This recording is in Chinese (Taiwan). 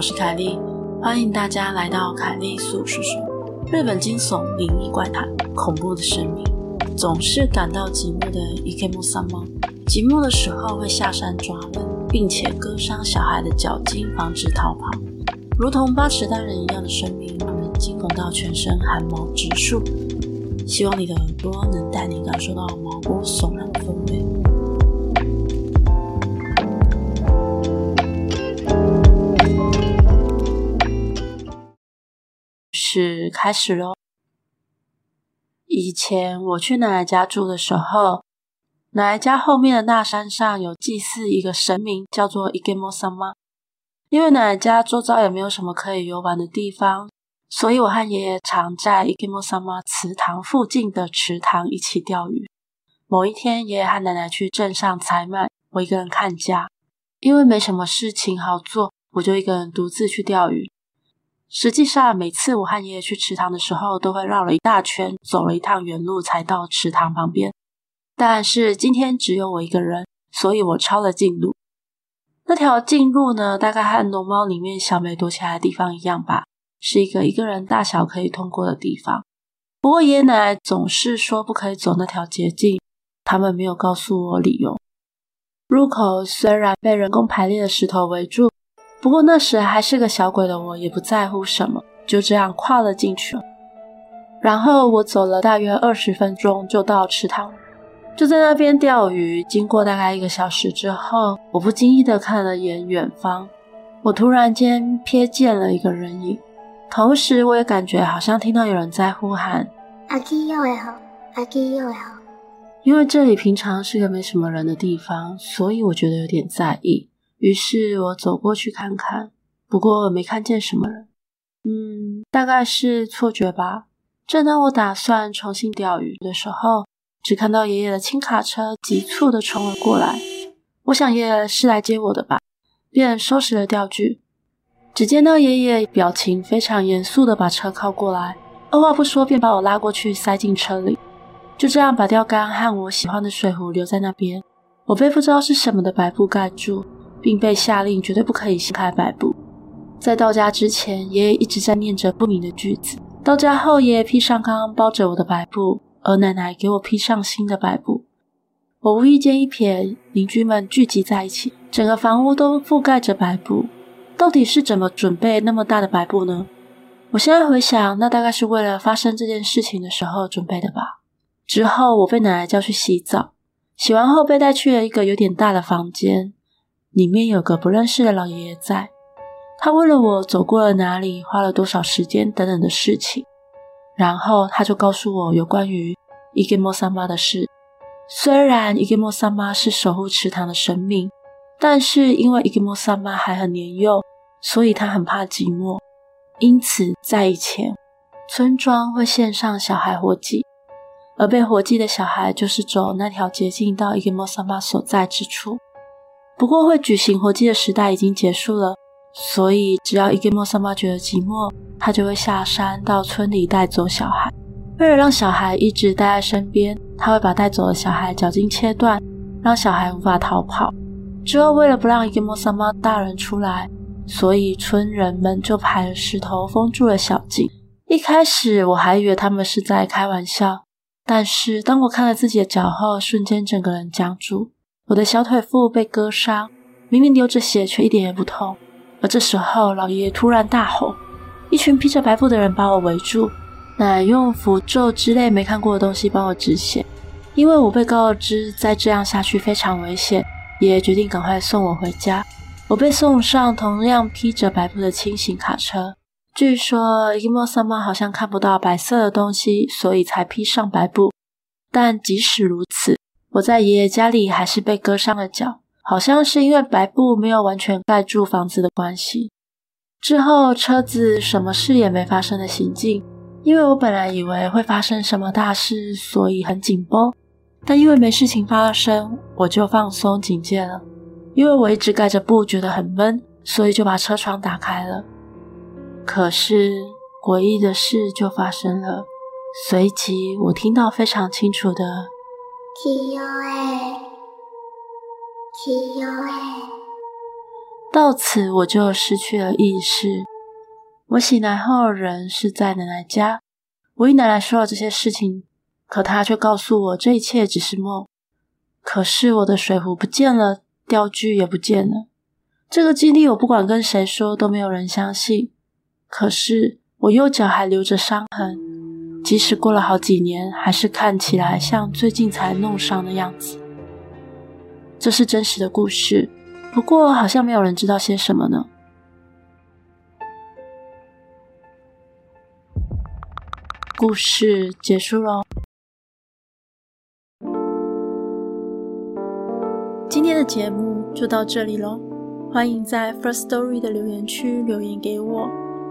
我是凱莉，歡迎大家來到凱莉粟說說，日本驚悚靈異怪談，恐怖的神明總是感到寂寞的 Ikemo 様，寂寞的時候會下山抓人，並且割傷小孩的腳筋，防止逃跑。如同八尺大人一樣的神明，讓人驚恐到全身寒毛直豎。希望你的耳朵能帶你感受到毛骨悚然的氛圍。開始嘍。以前我去奶奶家住的時候，奶奶家後面的那山上有祭祀一個神明，叫做 Ikemo 様。因為奶奶家周遭也沒有什麼可以遊玩的地方，所以我和爺爺常在 Ikemo 様祠堂附近的池塘一起釣魚。某一天，爺爺和奶奶去鎮上採買，我一個人看家。因為沒什麼事情好做，我就一個人獨自去釣魚。實際上，每次我和爺爺去池塘的時候，都會繞了一大圈，走了一趟遠路才到池塘旁邊。但是今天只有我一個人，所以我抄了近路。那條近路呢，大概和《龍貓》裡面小梅躲起來的地方一樣吧，是一個一個人大小可以通過的地方。不過爺爺奶奶總是說不可以走那條捷徑，他們沒有告訴我理由。入口雖然被人工排列的石頭圍住，不過那時還是個小鬼的我也不在乎什麼，就這樣跨了進去了。然後我走了大約二十分鐘就到池塘，就在那邊釣魚。經過大概一個小時之後，我不經意地看了眼遠方，我突然間瞥見了一個人影，同時我也感覺好像聽到有人在呼喊：“阿基又來了，阿基又來了。啊”啊，因為這裡平常是個沒什麼人的地方，所以我覺得有點在意。於是我走過去看看，不過沒看見什麼人，嗯，大概是錯覺吧。正當我打算重新釣魚的時候，只看到爺爺的輕卡車急促地衝了過來。我想爺爺是來接我的吧，便收拾了釣具。只見到爺爺表情非常嚴肅地把車靠過來，二話不說便把我拉過去塞進車裡，就這樣把釣竿和我喜歡的水壺留在那邊。我被不知道是什麼的白布蓋住。並被下令絕對不可以掀開白布。在到家之前，爺爺一直在念着不明的句子。到家後，爺爺披上剛剛包着我的白布，而奶奶給我披上新的白布。我無意間一瞥，鄰居們聚集在一起，整個房屋都覆蓋着白布。到底是怎麼準備那麼大的白布呢？我現在回想，那大概是為了發生這件事情的時候準備的吧。之後，我被奶奶叫去洗澡，洗完後被帶去了一個有點大的房間。裡面有個不認識的老爺爺在，在他問了我走過了哪裡、花了多少時間等等的事情，然後他就告訴我有關於伊克莫撒瑪的事。雖然伊克莫撒瑪是守護池塘的生命，但是因為伊克莫撒瑪還很年幼，所以他很怕寂寞。因此，在以前，村莊會獻上小孩活祭，而被活祭的小孩就是走那條捷徑到伊克莫撒瑪所在之處。不過，會舉行活祭的時代已經結束了，所以只要イケモ様覺得寂寞，他就會下山到村裡帶走小孩。為了讓小孩一直待在身邊，他會把帶走的小孩腳筋切斷，讓小孩無法逃跑。之後，為了不讓イケモ様大人出來，所以村人們就排了石頭封住了小徑。一開始我還以為他們是在開玩笑，但是當我看了自己的腳後，瞬間整個人僵住。我的小腿腹被割傷，明明流着血，卻一點也不痛。而這時候，老爺爺突然大吼，一群披着白布的人把我圍住，乃用符咒之類沒看過的東西幫我止血。因為我被告知再這樣下去非常危險，爺爺決定趕快送我回家。我被送上同樣披着白布的輕型卡車。據說イケモ様好像看不到白色的東西，所以才披上白布。但即使如此。我在爺爺家裡還是被割傷了腳，好像是因為白布沒有完全蓋住房子的關係。之後車子什麼事也沒發生的行進，因為我本來以為會發生什麼大事，所以很緊繃。但因為沒事情發生，我就放鬆警戒了。因為我一直蓋着布覺得很悶，所以就把車窗打開了。可是詭異的事就發生了，隨即我聽到非常清楚的。奇喲哎，奇喲哎。到此我就失去了意識。我醒來後，人是在奶奶家。我與奶奶說了這些事情，可她卻告訴我這一切只是夢。可是我的水壺不見了，釣具也不見了。這個經歷我不管跟誰說都沒有人相信。可是我右腳還留着傷痕。即使過了好幾年，還是看起來像最近才弄傷的樣子。這是真實的故事，不過好像沒有人知道些什麼呢。故事結束囉。今天的節目就到這裡嘍，歡迎在 First Story 的留言區留言給我。